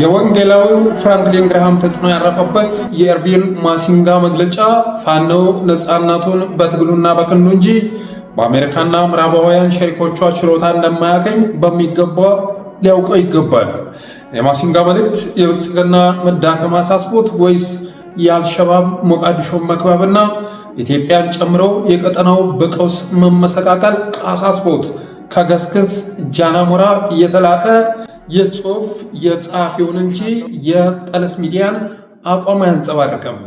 የወንጌላዊው ፍራንክሊን ግርሃም ተጽዕኖ ያረፈበት የኤርቪን ማሲንጋ መግለጫ ፋኖ ነፃነቱን በትግሉና በክንዱ እንጂ በአሜሪካና ምዕራባውያን ሸሪኮቿ ችሎታ እንደማያገኝ በሚገባ ሊያውቀው ይገባል። የማሲንጋ መልእክት የብልጽግና መዳከም አሳስቦት ወይስ የአልሸባብ ሞቃዲሾን መክበብና ኢትዮጵያን ጨምሮ የቀጠናው በቀውስ መመሰቃቀል አሳስቦት ከገስግስ ጃናሞራ እየተላከ የጽሁፍ የጸሐፊውን እንጂ የጠለስ ሚዲያን አቋም አያንጸባርቅም።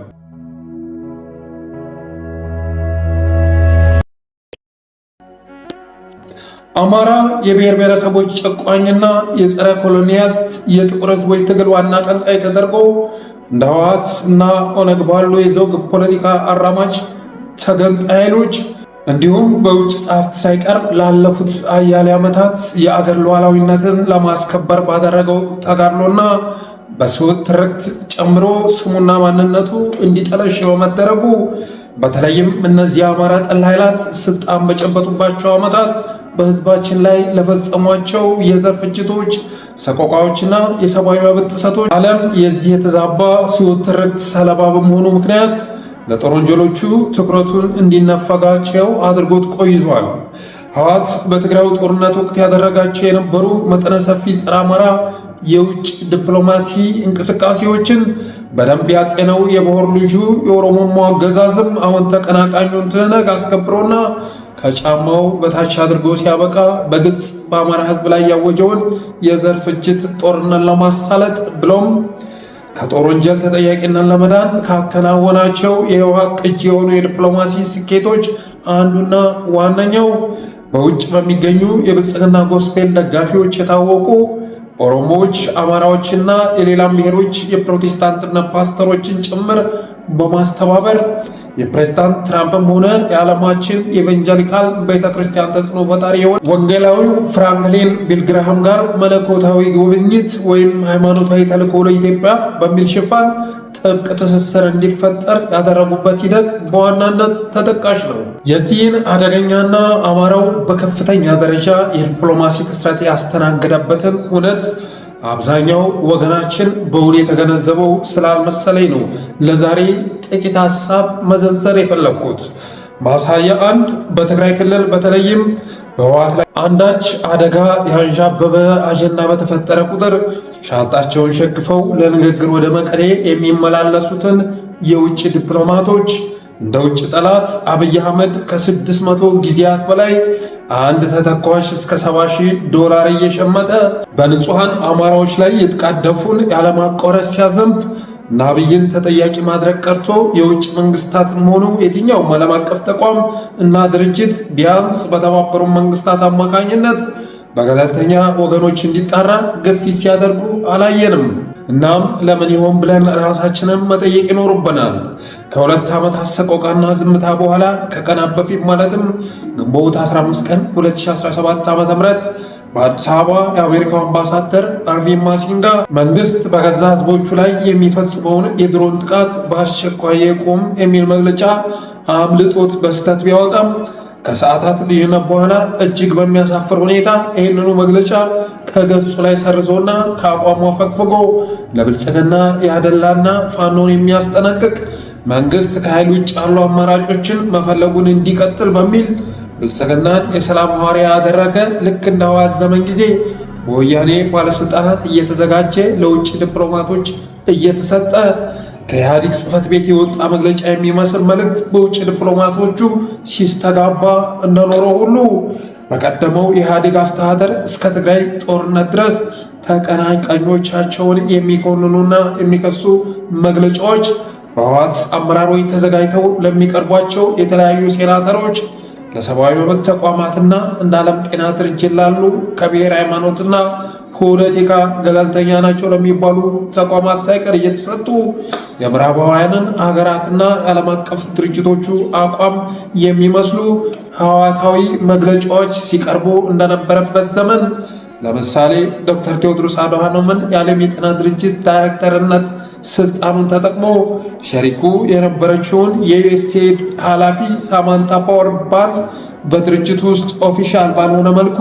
አማራ የብሔር ብሔረሰቦች ጨቋኝና የጸረ ኮሎኒያስት የጥቁር ህዝቦች ትግል ዋና ቀጣይ ተደርጎ እንደ ህወሓት እና ኦነግ ባሉ የዘውግ ፖለቲካ አራማጅ ተገንጣይ ኃይሎች እንዲሁም በውጭ ጣፍት ሳይቀር ላለፉት አያሌ ዓመታት የአገር ሉዓላዊነትን ለማስከበር ባደረገው ተጋድሎና በስውት ትርክት ጨምሮ ስሙና ማንነቱ እንዲጠለሽ በመደረጉ በተለይም እነዚህ አማራ ጠል ኃይላት ስልጣን በጨበጡባቸው ዓመታት በህዝባችን ላይ ለፈጸሟቸው የዘር ፍጅቶች፣ ሰቆቃዎችና የሰብአዊ መብት ጥሰቶች ዓለም የዚህ የተዛባ ስውት ትርክት ሰለባ በመሆኑ ምክንያት ለጦር ወንጀሎቹ ትኩረቱን እንዲነፈጋቸው አድርጎት ቆይቷል። ህወሓት በትግራዩ ጦርነት ወቅት ያደረጋቸው የነበሩ መጠነ ሰፊ ጸረ አማራ የውጭ ዲፕሎማሲ እንቅስቃሴዎችን በደንብ ያጤነው የባህር ልጁ የኦሮሞማ አገዛዝም አሁን ተቀናቃኙን ትህነግ አስከብሮና ከጫማው በታች አድርጎ ሲያበቃ በግልጽ በአማራ ህዝብ ላይ ያወጀውን የዘር ፍጅት ጦርነት ለማሳለጥ ብሎም ከጦር ወንጀል ተጠያቂነት ለመዳን ካከናወናቸው የውሃ ቅጅ የሆኑ የዲፕሎማሲ ስኬቶች አንዱና ዋነኛው በውጭ በሚገኙ የብልጽግና ጎስፔል ደጋፊዎች የታወቁ ኦሮሞዎች፣ አማራዎችና የሌላም ብሔሮች የፕሮቴስታንትነት ፓስተሮችን ጭምር በማስተባበር የፕሬዝዳንት ትራምፕም ሆነ የዓለማችን የኢቫንጀሊካል ቤተ ክርስቲያን ተጽዕኖ ፈጣሪ የሆነ ወንጌላዊው ፍራንክሊን ቢልግርሃም ጋር መለኮታዊ ጉብኝት ወይም ሃይማኖታዊ ተልዕኮ ለኢትዮጵያ በሚል ሽፋን ጥብቅ ትስስር እንዲፈጠር ያደረጉበት ሂደት በዋናነት ተጠቃሽ ነው። የዚህን አደገኛና አማራው በከፍተኛ ደረጃ የዲፕሎማሲ ክስረት ያስተናገደበትን እውነት አብዛኛው ወገናችን በውል የተገነዘበው ስላልመሰለኝ ነው ለዛሬ ጥቂት ሀሳብ መዘንዘር የፈለግኩት። ማሳያ አንድ በትግራይ ክልል በተለይም በህወሓት ላይ አንዳች አደጋ ያንዣበበ አጀንዳ በተፈጠረ ቁጥር ሻንጣቸውን ሸግፈው ለንግግር ወደ መቀሌ የሚመላለሱትን የውጭ ዲፕሎማቶች እንደ ውጭ ጠላት አብይ አህመድ ከስድስት መቶ ጊዜያት በላይ አንድ ተተኳሽ እስከ 70 ሺህ ዶላር እየሸመተ በንጹሐን አማራዎች ላይ የተቃደፉን ያለማቋረጥ ሲያዘንብ ናብይን ተጠያቂ ማድረግ ቀርቶ የውጭ መንግስታትን ሆኑ የትኛውም ዓለም አቀፍ ተቋም እና ድርጅት ቢያንስ በተባበሩ መንግስታት አማካኝነት በገለልተኛ ወገኖች እንዲጣራ ግፊት ሲያደርጉ አላየንም። እናም ለምን ይሆን ብለን ራሳችንን መጠየቅ ይኖርብናል። ከሁለት ዓመት አሰቆቃና ዝምታ በኋላ ከቀናት በፊት ማለትም ግንቦት 15 ቀን 2017 ዓ ም በአዲስ አበባ የአሜሪካው አምባሳደር አርቪን ማሲንጋ መንግስት በገዛ ህዝቦቹ ላይ የሚፈጽመውን የድሮን ጥቃት በአስቸኳይ የቁም የሚል መግለጫ አምልጦት በስህተት ቢያወጣም ከሰዓታት ልዩነት በኋላ እጅግ በሚያሳፍር ሁኔታ ይህንኑ መግለጫ ከገጹ ላይ ሰርዞና ከአቋሙ አፈግፍጎ ለብልጽግና ያደላና ፋኖን የሚያስጠነቅቅ መንግስት ከኃይል ውጭ ያሉ አማራጮችን መፈለጉን እንዲቀጥል በሚል ብልጽግናን የሰላም ሐዋርያ ያደረገ ልክ እንደ ህወሓት ዘመን ጊዜ በወያኔ ባለሥልጣናት እየተዘጋጀ ለውጭ ዲፕሎማቶች እየተሰጠ ከኢህአዲግ ጽህፈት ቤት የወጣ መግለጫ የሚመስል መልእክት በውጭ ዲፕሎማቶቹ ሲስተጋባ እንደኖረው ሁሉ በቀደመው የኢህአዴግ አስተዳደር እስከ ትግራይ ጦርነት ድረስ ተቀናቃኞቻቸውን የሚኮንኑና የሚከሱ መግለጫዎች በህወሓት አመራሮች ተዘጋጅተው ለሚቀርቧቸው የተለያዩ ሴናተሮች ለሰብአዊ መብት ተቋማትና እንደ ዓለም ጤና ድርጅት ላሉ ከብሔር ሃይማኖትና ፖለቲካ ገለልተኛ ናቸው ለሚባሉ ተቋማት ሳይቀር እየተሰጡ የምዕራባውያንን ሀገራትና የዓለም አቀፍ ድርጅቶቹ አቋም የሚመስሉ ህወሓታዊ መግለጫዎች ሲቀርቡ እንደነበረበት ዘመን ለምሳሌ ዶክተር ቴዎድሮስ አድሃኖምን የዓለም የጤና ድርጅት ዳይሬክተርነት ስልጣኑን ተጠቅሞ ሸሪኩ የነበረችውን የዩኤስኤድ ኃላፊ ሳማንታ ፓወር ባል በድርጅቱ ውስጥ ኦፊሻል ባልሆነ መልኩ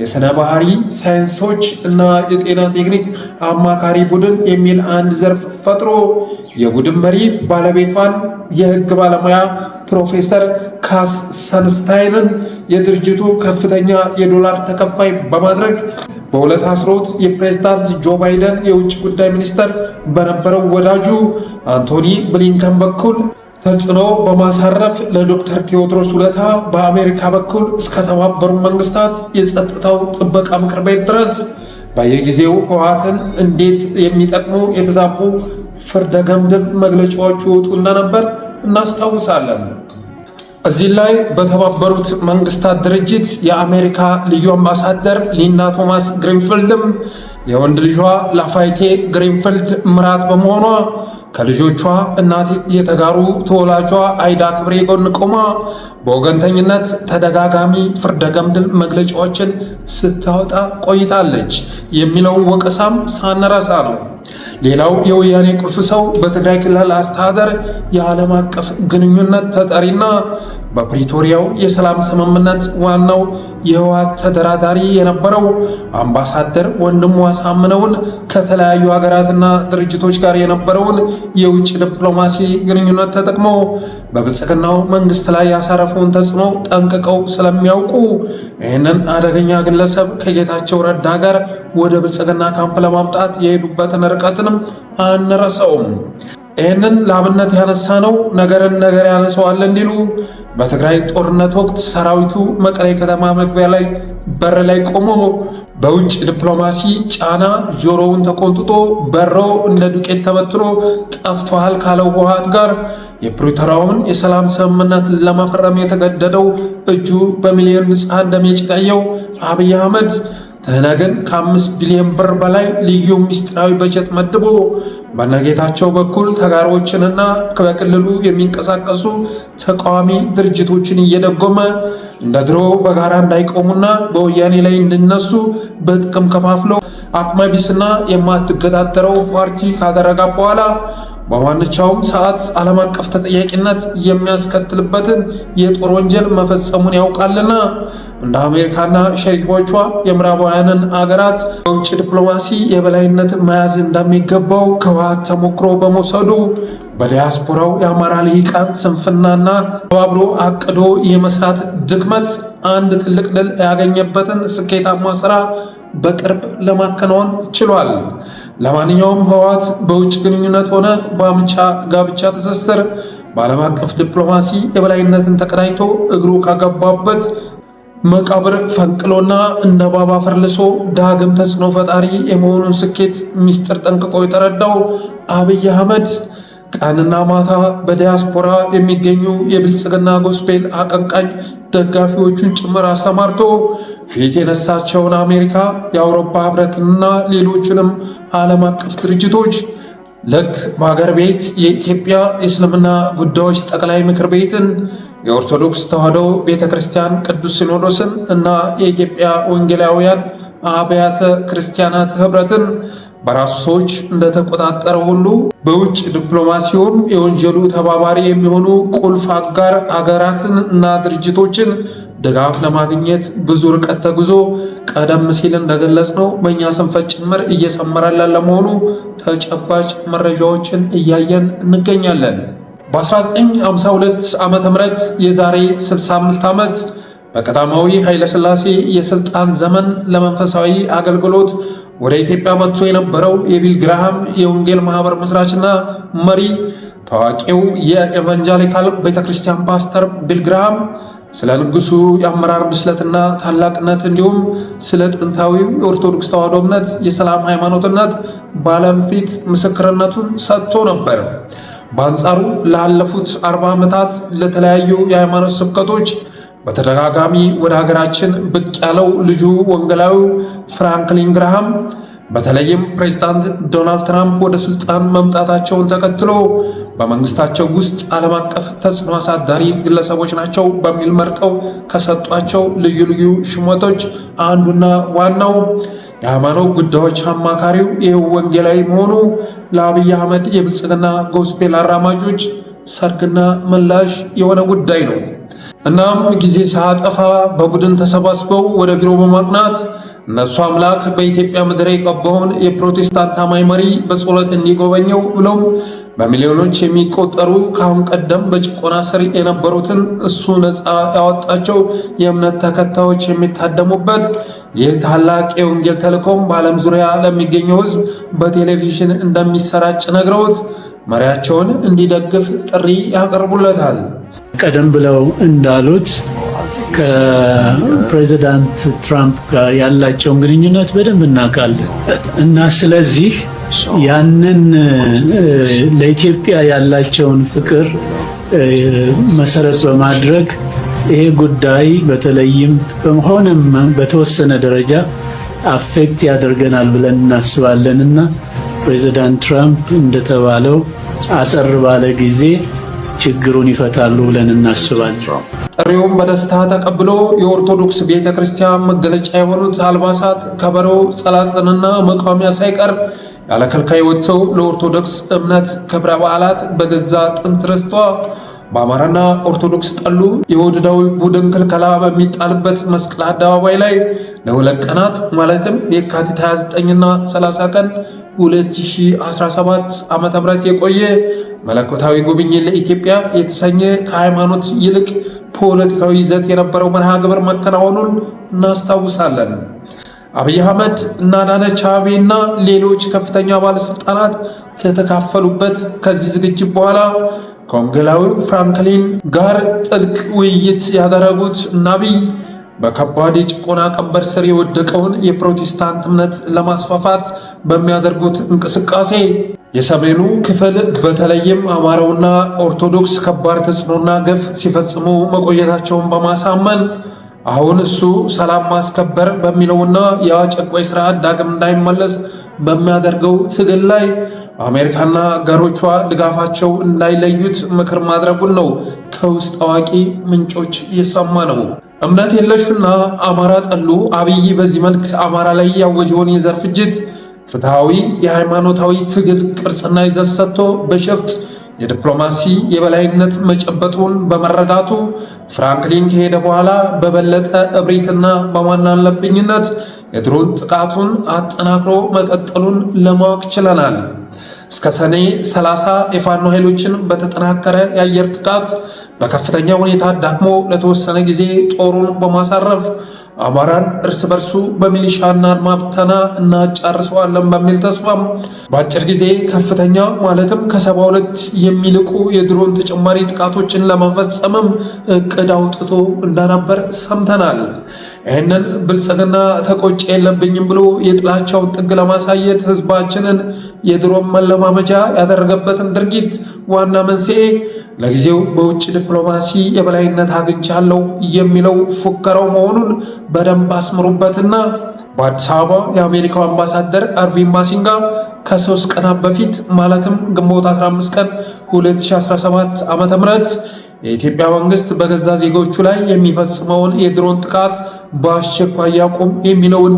የሥነ ባህሪ ሳይንሶች እና የጤና ቴክኒክ አማካሪ ቡድን የሚል አንድ ዘርፍ ፈጥሮ የቡድን መሪ ባለቤቷን የሕግ ባለሙያ ፕሮፌሰር ካስ ሰንስታይንን የድርጅቱ ከፍተኛ የዶላር ተከፋይ በማድረግ በሁለት አስሮት የፕሬዝዳንት ጆ ባይደን የውጭ ጉዳይ ሚኒስተር በነበረው ወዳጁ አንቶኒ ብሊንከን በኩል ተጽዕኖ በማሳረፍ ለዶክተር ቴዎድሮስ ውለታ በአሜሪካ በኩል እስከ ተባበሩ መንግስታት የጸጥታው ጥበቃ ምክር ቤት ድረስ በየጊዜው ህወሓትን እንዴት የሚጠቅሙ የተዛቡ ፍርደ ገምድብ መግለጫዎች ይወጡ እንደነበር እናስታውሳለን። እዚህ ላይ በተባበሩት መንግስታት ድርጅት የአሜሪካ ልዩ አምባሳደር ሊና ቶማስ ግሪንፊልድም የወንድ ልጇ ላፋይቴ ግሪንፊልድ ምራት በመሆኗ ከልጆቿ እናት የተጋሩ ተወላጇ አይዳ ክብሬ ጎን ቆማ በወገንተኝነት ተደጋጋሚ ፍርደገምድል መግለጫዎችን ስታወጣ ቆይታለች የሚለውን ወቀሳም ሳንረሳ ነው። ሌላው የወያኔ ቁልፍ ሰው በትግራይ ክልል አስተዳደር የዓለም አቀፍ ግንኙነት ተጠሪና በፕሪቶሪያው የሰላም ስምምነት ዋናው የህወሓት ተደራዳሪ የነበረው አምባሳደር ወንድሙ አሳምነውን ከተለያዩ ሀገራትና ድርጅቶች ጋር የነበረውን የውጭ ዲፕሎማሲ ግንኙነት ተጠቅሞ በብልጽግናው መንግስት ላይ ያሳረፈውን ተጽዕኖ ጠንቅቀው ስለሚያውቁ ይህንን አደገኛ ግለሰብ ከጌታቸው ረዳ ጋር ወደ ብልጽግና ካምፕ ለማምጣት የሄዱበትን ርቀትንም አንረሰውም። ይህንን ለአብነት ያነሳ ነው ነገርን ነገር ያነሰዋል እንዲሉ በትግራይ ጦርነት ወቅት ሰራዊቱ መቀሌ ከተማ መግቢያ ላይ በር ላይ ቆሞ በውጭ ዲፕሎማሲ ጫና ጆሮውን ተቆንጥጦ በሮ እንደ ዱቄት ተበትኖ ጠፍቷል ካለው ህወሓት ጋር የፕሪቶሪያውን የሰላም ስምምነት ለመፈረም የተገደደው እጁ በሚሊዮን ንጹሐን እንደሚጭቀየው አብይ አህመድ ግን ከአምስት ቢሊዮን ብር በላይ ልዩ ምስጢራዊ በጀት መድቦ በነጌታቸው በኩል ተጋሮችንና በክልሉ የሚንቀሳቀሱ ተቃዋሚ ድርጅቶችን እየደጎመ እንደ ድሮ በጋራ እንዳይቆሙና በወያኔ ላይ እንዲነሱ በጥቅም ከፋፍለው አቅመቢስና የማትገዳደረው ፓርቲ ካደረጋ በኋላ በማንኛውም ሰዓት ዓለም አቀፍ ተጠያቂነት የሚያስከትልበትን የጦር ወንጀል መፈጸሙን ያውቃልና እንደ አሜሪካና ሸሪኮቿ የምዕራባውያንን አገራት በውጭ ዲፕሎማሲ የበላይነት መያዝ እንደሚገባው ከህወሓት ተሞክሮ በመውሰዱ በዲያስፖራው የአማራ ልሂቃን ስንፍናና ተባብሮ አቅዶ የመስራት ድክመት አንድ ትልቅ ድል ያገኘበትን ስኬታማ ስራ በቅርብ ለማከናወን ችሏል። ለማንኛውም ህወሓት በውጭ ግንኙነት ሆነ በአምቻ ጋብቻ ትስስር በዓለም አቀፍ ዲፕሎማሲ የበላይነትን ተቀዳጅቶ እግሩ ካገባበት መቃብር ፈንቅሎና እንደ ባባ ፈርልሶ ዳግም ተጽዕኖ ፈጣሪ የመሆኑን ስኬት ምስጢር ጠንቅቆ የተረዳው አብይ አህመድ ቀንና ማታ በዲያስፖራ የሚገኙ የብልጽግና ጎስፔል አቀንቃኝ ደጋፊዎቹን ጭምር አሰማርቶ ፊት የነሳቸውን አሜሪካ፣ የአውሮፓ ህብረትንና ሌሎችንም ዓለም አቀፍ ድርጅቶች ልክ በአገር ቤት የኢትዮጵያ የእስልምና ጉዳዮች ጠቅላይ ምክር ቤትን የኦርቶዶክስ ተዋሕዶ ቤተ ክርስቲያን ቅዱስ ሲኖዶስን እና የኢትዮጵያ ወንጌላውያን አብያተ ክርስቲያናት ህብረትን በራሱ ሰዎች እንደተቆጣጠረ ሁሉ በውጭ ዲፕሎማሲውም የወንጀሉ ተባባሪ የሚሆኑ ቁልፍ አጋር አገራትን እና ድርጅቶችን ድጋፍ ለማግኘት ብዙ ርቀት ተጉዞ ቀደም ሲል እንደገለጽነው በእኛ ሰንፈት ጭምር እየሰመረላ ለመሆኑ ተጨባጭ መረጃዎችን እያየን እንገኛለን። በ1952 ዓ ም የዛሬ 65 ዓመት በቀዳማዊ ኃይለሥላሴ የሥልጣን ዘመን ለመንፈሳዊ አገልግሎት ወደ ኢትዮጵያ መጥቶ የነበረው የቢል ግራሃም የወንጌል ማህበር መስራችና መሪ ታዋቂው የኤቫንጀሊካል ቤተክርስቲያን ፓስተር ቢል ግራሃም ስለ ንጉሱ የአመራር ብስለትና ታላቅነት እንዲሁም ስለ ጥንታዊው የኦርቶዶክስ ተዋሕዶ እምነት የሰላም ሃይማኖትነት በዓለም ፊት ምስክርነቱን ሰጥቶ ነበር። በአንጻሩ ላለፉት አርባ ዓመታት ለተለያዩ የሃይማኖት ስብከቶች በተደጋጋሚ ወደ ሀገራችን ብቅ ያለው ልጁ ወንገላዊ ፍራንክሊን ግራሃም በተለይም ፕሬዝዳንት ዶናልድ ትራምፕ ወደ ስልጣን መምጣታቸውን ተከትሎ በመንግስታቸው ውስጥ ዓለም አቀፍ ተጽዕኖ አሳዳሪ ግለሰቦች ናቸው በሚል መርጠው ከሰጧቸው ልዩ ልዩ ሽሞቶች አንዱና ዋናው የሃይማኖት ጉዳዮች አማካሪው ይህ ወንጌላዊ መሆኑ ለአብይ አህመድ የብልጽግና ጎስፔል አራማጆች ሰርግና ምላሽ የሆነ ጉዳይ ነው። እናም ጊዜ ሳጠፋ በቡድን ተሰባስበው ወደ ቢሮ በማቅናት እነሱ አምላክ በኢትዮጵያ ምድር የቀባውን የፕሮቴስታንት አማኝ መሪ በጸሎት እንዲጎበኘው ብሎም በሚሊዮኖች የሚቆጠሩ ከአሁን ቀደም በጭቆና ስር የነበሩትን እሱ ነፃ ያወጣቸው የእምነት ተከታዮች የሚታደሙበት ይህ ታላቅ የወንጌል ተልእኮም በዓለም ዙሪያ ለሚገኘው ሕዝብ በቴሌቪዥን እንደሚሰራጭ ነግረውት መሪያቸውን እንዲደግፍ ጥሪ ያቀርቡለታል። ቀደም ብለው እንዳሉት ከፕሬዚዳንት ትራምፕ ጋር ያላቸውን ግንኙነት በደንብ እናውቃለን እና ስለዚህ ያንን ለኢትዮጵያ ያላቸውን ፍቅር መሰረት በማድረግ ይሄ ጉዳይ በተለይም በመሆነ በተወሰነ ደረጃ አፌክት ያደርገናል ብለን እናስባለን እና ፕሬዚዳንት ትራምፕ እንደተባለው አጠር ባለ ጊዜ ችግሩን ይፈታሉ ብለን እናስባለን። ጥሪውም በደስታ ተቀብሎ የኦርቶዶክስ ቤተ ክርስቲያን መገለጫ የሆኑት አልባሳት፣ ከበሮ፣ ጸላጽንና መቋሚያ ሳይቀር ያለ ከልካይ ወጥተው ለኦርቶዶክስ እምነት ክብረ በዓላት በገዛ ጥንት ረስቷ በአማራና ኦርቶዶክስ ጠሉ የወድዳዊ ቡድን ክልከላ በሚጣልበት መስቀል አደባባይ ላይ ለሁለት ቀናት ማለትም የካቲት 29ና 30 ቀን 2017 ዓም የቆየ መለኮታዊ ጉብኝት ለኢትዮጵያ የተሰኘ ከሃይማኖት ይልቅ ፖለቲካዊ ይዘት የነበረው መርሃ ግብር መከናወኑን እናስታውሳለን። አብይ አህመድ እና አዳነች እና ሌሎች ከፍተኛ ባለስልጣናት ከተካፈሉበት ከዚህ ዝግጅት በኋላ ከወንጌላዊ ፍራንክሊን ጋር ጥልቅ ውይይት ያደረጉት እና አብይ በከባድ የጭቆና ቀንበር ስር የወደቀውን የፕሮቴስታንት እምነት ለማስፋፋት በሚያደርጉት እንቅስቃሴ የሰሜኑ ክፍል በተለይም አማራውና ኦርቶዶክስ ከባድ ተጽዕኖና ግፍ ሲፈጽሙ መቆየታቸውን በማሳመን አሁን እሱ ሰላም ማስከበር በሚለውና የአጨቋይ ስርዓት ዳግም እንዳይመለስ በሚያደርገው ትግል ላይ አሜሪካና አጋሮቿ ድጋፋቸው እንዳይለዩት ምክር ማድረጉን ነው ከውስጥ አዋቂ ምንጮች እየሰማ ነው። እምነት የለሹና አማራ ጠሉ አብይ በዚህ መልክ አማራ ላይ ያወጀውን የዘር ፍጅት ፍትሐዊ የሃይማኖታዊ ትግል ቅርጽና ይዘት ሰጥቶ በሸፍጥ የዲፕሎማሲ የበላይነት መጨበጡን በመረዳቱ ፍራንክሊን ከሄደ በኋላ በበለጠ እብሪትና በማናለብኝነት የድሮን ጥቃቱን አጠናክሮ መቀጠሉን ለማወቅ ችለናል። እስከ ሰኔ 30 የፋኖ ኃይሎችን በተጠናከረ የአየር ጥቃት በከፍተኛ ሁኔታ ዳክሞ ለተወሰነ ጊዜ ጦሩን በማሳረፍ አማራን እርስ በርሱ በሚሊሻና ማብተና እናጫርሰዋለን በሚል ተስፋም በአጭር ጊዜ ከፍተኛ ማለትም ከሰባ ሁለት የሚልቁ የድሮን ተጨማሪ ጥቃቶችን ለመፈጸምም እቅድ አውጥቶ እንደነበር ሰምተናል። ይህንን ብልጽግና ተቆጭ የለብኝም ብሎ የጥላቻውን ጥግ ለማሳየት ህዝባችንን የድሮን መለማመጃ ያደረገበትን ድርጊት ዋና መንስኤ ለጊዜው በውጭ ዲፕሎማሲ የበላይነት አግኝቻለሁ የሚለው ፉከራው መሆኑን በደንብ አስምሩበትና በአዲስ አበባ የአሜሪካው አምባሳደር አርቪን ማሲንጋ ከሶስት ቀናት በፊት ማለትም ግንቦት 15 ቀን 2017 ዓ ም የኢትዮጵያ መንግስት በገዛ ዜጎቹ ላይ የሚፈጽመውን የድሮን ጥቃት በአስቸኳይ ያቁም የሚለውን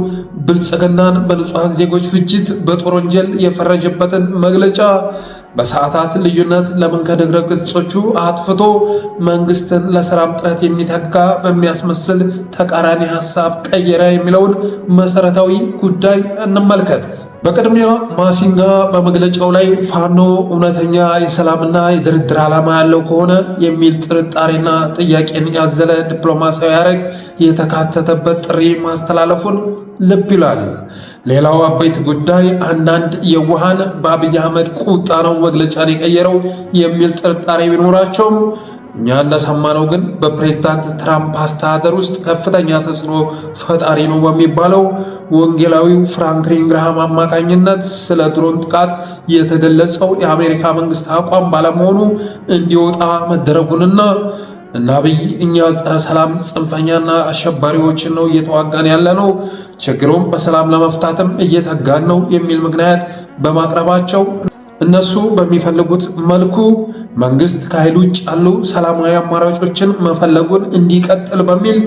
ብልጽግናን በንጹሐን ዜጎች ፍጅት በጦር ወንጀል የፈረጀበትን መግለጫ በሰዓታት ልዩነት ለምን ከድረ ገጾቹ አጥፍቶ መንግስትን ለሰላም ጥረት የሚተካ በሚያስመስል ተቃራኒ ሐሳብ ቀየረ የሚለውን መሠረታዊ ጉዳይ እንመልከት። በቅድሚያ ማሲንጋ በመግለጫው ላይ ፋኖ እውነተኛ የሰላምና የድርድር ዓላማ ያለው ከሆነ የሚል ጥርጣሬና ጥያቄን ያዘለ ዲፕሎማሲያዊ አረግ የተካተተበት ጥሪ ማስተላለፉን ልብ ይላል። ሌላው አበይት ጉዳይ አንዳንድ የውሃን በአብይ አህመድ ቁጣ ነው መግለጫን የቀየረው የሚል ጥርጣሬ ቢኖራቸውም እኛ እንደሰማነው ግን በፕሬዝዳንት ትራምፕ አስተዳደር ውስጥ ከፍተኛ ተጽዕኖ ፈጣሪ ነው በሚባለው ወንጌላዊው ፍራንክሊን ግርሃም አማካኝነት ስለ ድሮን ጥቃት የተገለጸው የአሜሪካ መንግስት አቋም ባለመሆኑ እንዲወጣ መደረጉንና እና እኛ ጸረ ሰላም ጽንፈኛና አሸባሪዎችን ነው እየተዋጋን ያለ ነው፣ ችግሩም በሰላም ለመፍታትም እየተጋን ነው የሚል ምክንያት በማቅረባቸው እነሱ በሚፈልጉት መልኩ መንግስት ከኃይል ውጭ ያሉ ሰላማዊ አማራጮችን መፈለጉን እንዲቀጥል በሚል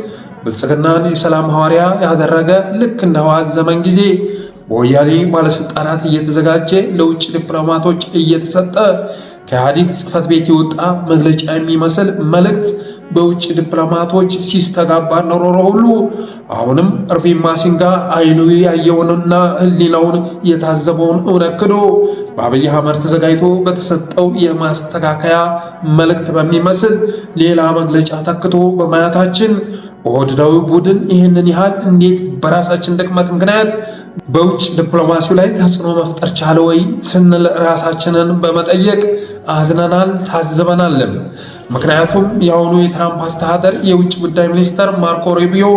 ብልጽግናን የሰላም ሐዋርያ ያደረገ ልክ እንደ ህወሓት ዘመን ጊዜ በወያኔ ባለሥልጣናት እየተዘጋጀ ለውጭ ዲፕሎማቶች እየተሰጠ ከኢህአዴግ ጽህፈት ቤት የወጣ መግለጫ የሚመስል መልእክት በውጭ ዲፕሎማቶች ሲስተጋባ ኖሮ ሁሉ አሁንም እርቪን ማሲንጋ አይኑ ያየውንና ህሊናውን የታዘበውን እውነት ክዶ በአብይ አህመድ ተዘጋጅቶ በተሰጠው የማስተካከያ መልእክት በሚመስል ሌላ መግለጫ ተክቶ በማየታችን ኦህዴዳዊ ቡድን ይህንን ያህል እንዴት በራሳችን ድክመት ምክንያት በውጭ ዲፕሎማሲው ላይ ተጽዕኖ መፍጠር ቻለ ወይ ስንል ራሳችንን በመጠየቅ አዝነናል፣ ታዝበናልም። ምክንያቱም የአሁኑ የትራምፕ አስተዳደር የውጭ ጉዳይ ሚኒስትር ማርኮ ሩቢዮ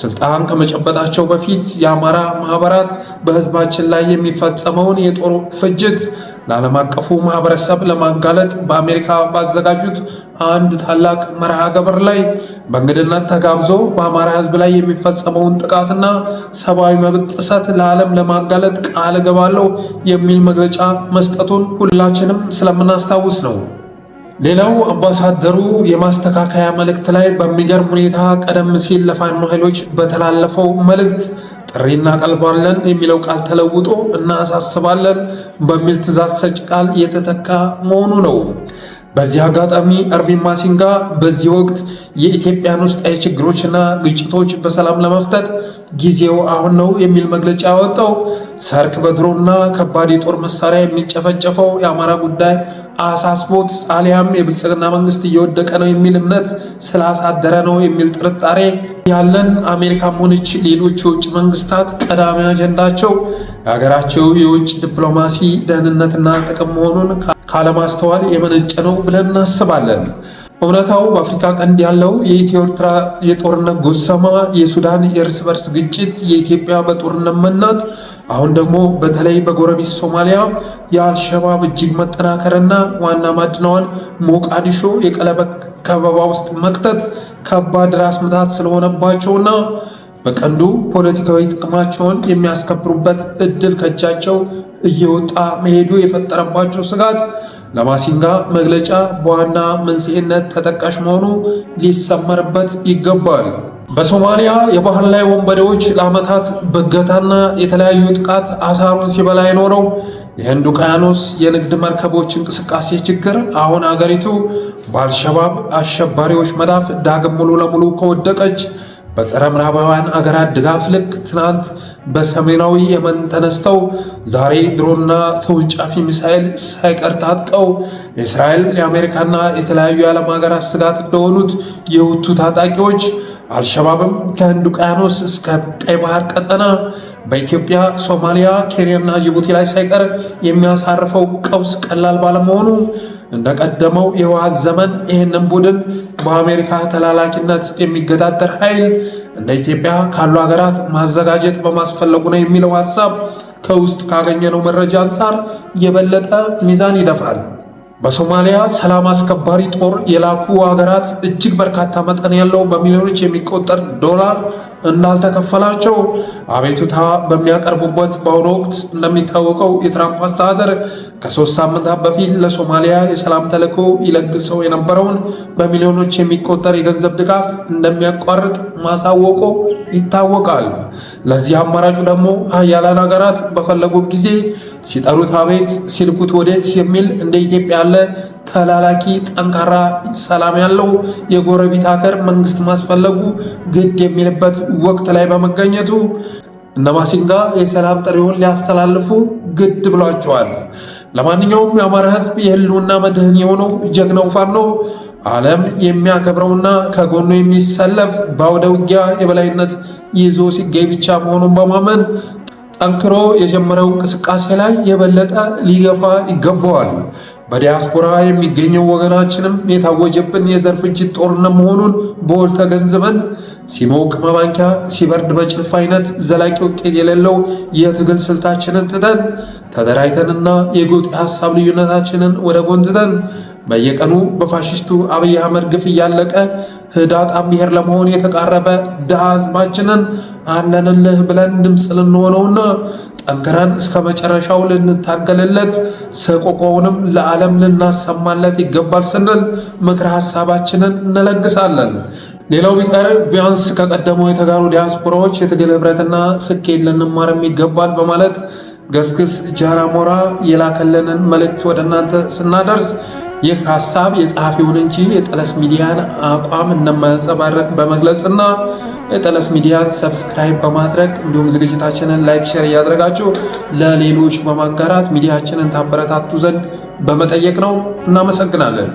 ስልጣን ከመጨበጣቸው በፊት የአማራ ማህበራት በህዝባችን ላይ የሚፈጸመውን የጦር ፍጅት ለዓለም አቀፉ ማህበረሰብ ለማጋለጥ በአሜሪካ ባዘጋጁት አንድ ታላቅ መርሃ ግብር ላይ በእንግድነት ተጋብዞ በአማራ ሕዝብ ላይ የሚፈጸመውን ጥቃትና ሰብአዊ መብት ጥሰት ለዓለም ለማጋለጥ ቃል እገባለሁ የሚል መግለጫ መስጠቱን ሁላችንም ስለምናስታውስ ነው። ሌላው አምባሳደሩ የማስተካከያ መልእክት ላይ በሚገርም ሁኔታ ቀደም ሲል ለፋኖ ኃይሎች በተላለፈው መልእክት ጥሪ እናቀልባለን የሚለው ቃል ተለውጦ እናሳስባለን በሚል ትዕዛዝ ሰጭ ቃል የተተካ መሆኑ ነው። በዚህ አጋጣሚ እርቪን ማሲንጋ በዚህ ወቅት የኢትዮጵያን ውስጣዊ ችግሮችና ግጭቶች በሰላም ለመፍታት ጊዜው አሁን ነው የሚል መግለጫ ያወጣው ሰርክ በድሮና ከባድ የጦር መሳሪያ የሚጨፈጨፈው የአማራ ጉዳይ አሳስቦት አሊያም የብልጽግና መንግስት እየወደቀ ነው የሚል እምነት ስላሳደረ ነው የሚል ጥርጣሬ ያለን አሜሪካም ሆነች ሌሎች የውጭ መንግስታት ቀዳሚ አጀንዳቸው የሀገራቸው የውጭ ዲፕሎማሲ ደህንነትና ጥቅም መሆኑን ካለማስተዋል የመነጨ ነው ብለን እናስባለን። እውነታው በአፍሪካ ቀንድ ያለው የኢትዮ ኤርትራ የጦርነት ጉሰማ፣ የሱዳን የእርስ በርስ ግጭት፣ የኢትዮጵያ በጦርነት መናት፣ አሁን ደግሞ በተለይ በጎረቤት ሶማሊያ የአልሸባብ እጅግ መጠናከርና ዋና ማድናዋን ሞቃዲሾ የቀለበት ከበባ ውስጥ መክተት ከባድ ራስ ምታት ስለሆነባቸውና በቀንዱ ፖለቲካዊ ጥቅማቸውን የሚያስከብሩበት እድል ከእጃቸው እየወጣ መሄዱ የፈጠረባቸው ስጋት ለማሲንጋ መግለጫ በዋና መንስኤነት ተጠቃሽ መሆኑ ሊሰመርበት ይገባል። በሶማሊያ የባህር ላይ ወንበዴዎች ለዓመታት በገታና የተለያዩ ጥቃት አሳሩን ሲበላ የኖረው የህንድ ውቅያኖስ የንግድ መርከቦች እንቅስቃሴ ችግር አሁን አገሪቱ በአልሸባብ አሸባሪዎች መዳፍ ዳግም ሙሉ ለሙሉ ከወደቀች በጸረ ምዕራባውያን አገራት ድጋፍ ልክ ትናንት በሰሜናዊ የመን ተነስተው ዛሬ ድሮና ተወንጫፊ ሚሳኤል ሳይቀር ታጥቀው እስራኤል የአሜሪካና የተለያዩ የዓለም ሀገራት ስጋት እንደሆኑት የሁቱ ታጣቂዎች አልሸባብም ከህንድ ውቅያኖስ እስከ ቀይ ባህር ቀጠና በኢትዮጵያ፣ ሶማሊያ፣ ኬንያና ጅቡቲ ላይ ሳይቀር የሚያሳርፈው ቀውስ ቀላል ባለመሆኑ እንደቀደመው የህወሓት ዘመን ይህንን ቡድን በአሜሪካ ተላላኪነት የሚገዳደር ኃይል እንደ ኢትዮጵያ ካሉ ሀገራት ማዘጋጀት በማስፈለጉ ነው የሚለው ሀሳብ ከውስጥ ካገኘነው መረጃ አንጻር የበለጠ ሚዛን ይደፋል። በሶማሊያ ሰላም አስከባሪ ጦር የላኩ ሀገራት እጅግ በርካታ መጠን ያለው በሚሊዮኖች የሚቆጠር ዶላር እንዳልተከፈላቸው አቤቱታ በሚያቀርቡበት በአሁኑ ወቅት እንደሚታወቀው የትራምፕ አስተዳደር ከሶስት ሳምንታት በፊት ለሶማሊያ የሰላም ተልዕኮ ይለግሰው የነበረውን በሚሊዮኖች የሚቆጠር የገንዘብ ድጋፍ እንደሚያቋርጥ ማሳወቁ ይታወቃል። ለዚህ አማራጩ ደግሞ ሀያላን ሀገራት በፈለጉት ጊዜ ሲጠሩት አቤት ሲልኩት ወዴት የሚል እንደ ኢትዮጵያ ያለ ተላላኪ ጠንካራ ሰላም ያለው የጎረቤት ሀገር መንግስት ማስፈለጉ ግድ የሚልበት ወቅት ላይ በመገኘቱ እነ ማሲንጋ የሰላም ጥሪውን ሊያስተላልፉ ግድ ብሏቸዋል። ለማንኛውም የአማራ ህዝብ የህልውና መድህን የሆነው ጀግናው ፋኖ ዓለም የሚያከብረውና ከጎኑ የሚሰለፍ በአውደ ውጊያ የበላይነት ይዞ ሲገኝ ብቻ መሆኑን በማመን ጠንክሮ የጀመረው እንቅስቃሴ ላይ የበለጠ ሊገፋ ይገባዋል። በዲያስፖራ የሚገኘው ወገናችንም የታወጀብን የዘር ፍጅት ጦርነት መሆኑን በውል ተገንዝበን ሲሞቅ መባንኪያ ሲበርድ በጭልፍ አይነት ዘላቂ ውጤት የሌለው የትግል ስልታችንን ትተን ተደራጅተንና የጎጥ ሀሳብ ልዩነታችንን ወደ ጎን ትተን በየቀኑ በፋሽስቱ አብይ አህመድ ግፍ እያለቀ ህዳጣ ብሔር ለመሆን የተቃረበ ድሃ ህዝባችንን አለንልህ ብለን ድምፅ ልንሆነውና ጠንክረን እስከ መጨረሻው ልንታገልለት ሰቆቆውንም ለዓለም ልናሰማለት ይገባል ስንል ምክረ ሀሳባችንን እንለግሳለን። ሌላው ቢቀር ቢያንስ ከቀደመው የተጋሩ ዲያስፖራዎች የትግል ህብረትና ስኬት ልንማርም ይገባል በማለት ገስግስ ጃራሞራ የላከልንን መልእክት ወደ እናንተ ስናደርስ ይህ ሀሳብ የጸሐፊውን እንጂ የጠለስ ሚዲያን አቋም እንደማያንጸባረቅ በመግለጽና የጠለስ ሚዲያን ሰብስክራይብ በማድረግ እንዲሁም ዝግጅታችንን ላይክ፣ ሼር እያደረጋችሁ ለሌሎች በማጋራት ሚዲያችንን ታበረታቱ ዘንድ በመጠየቅ ነው። እናመሰግናለን።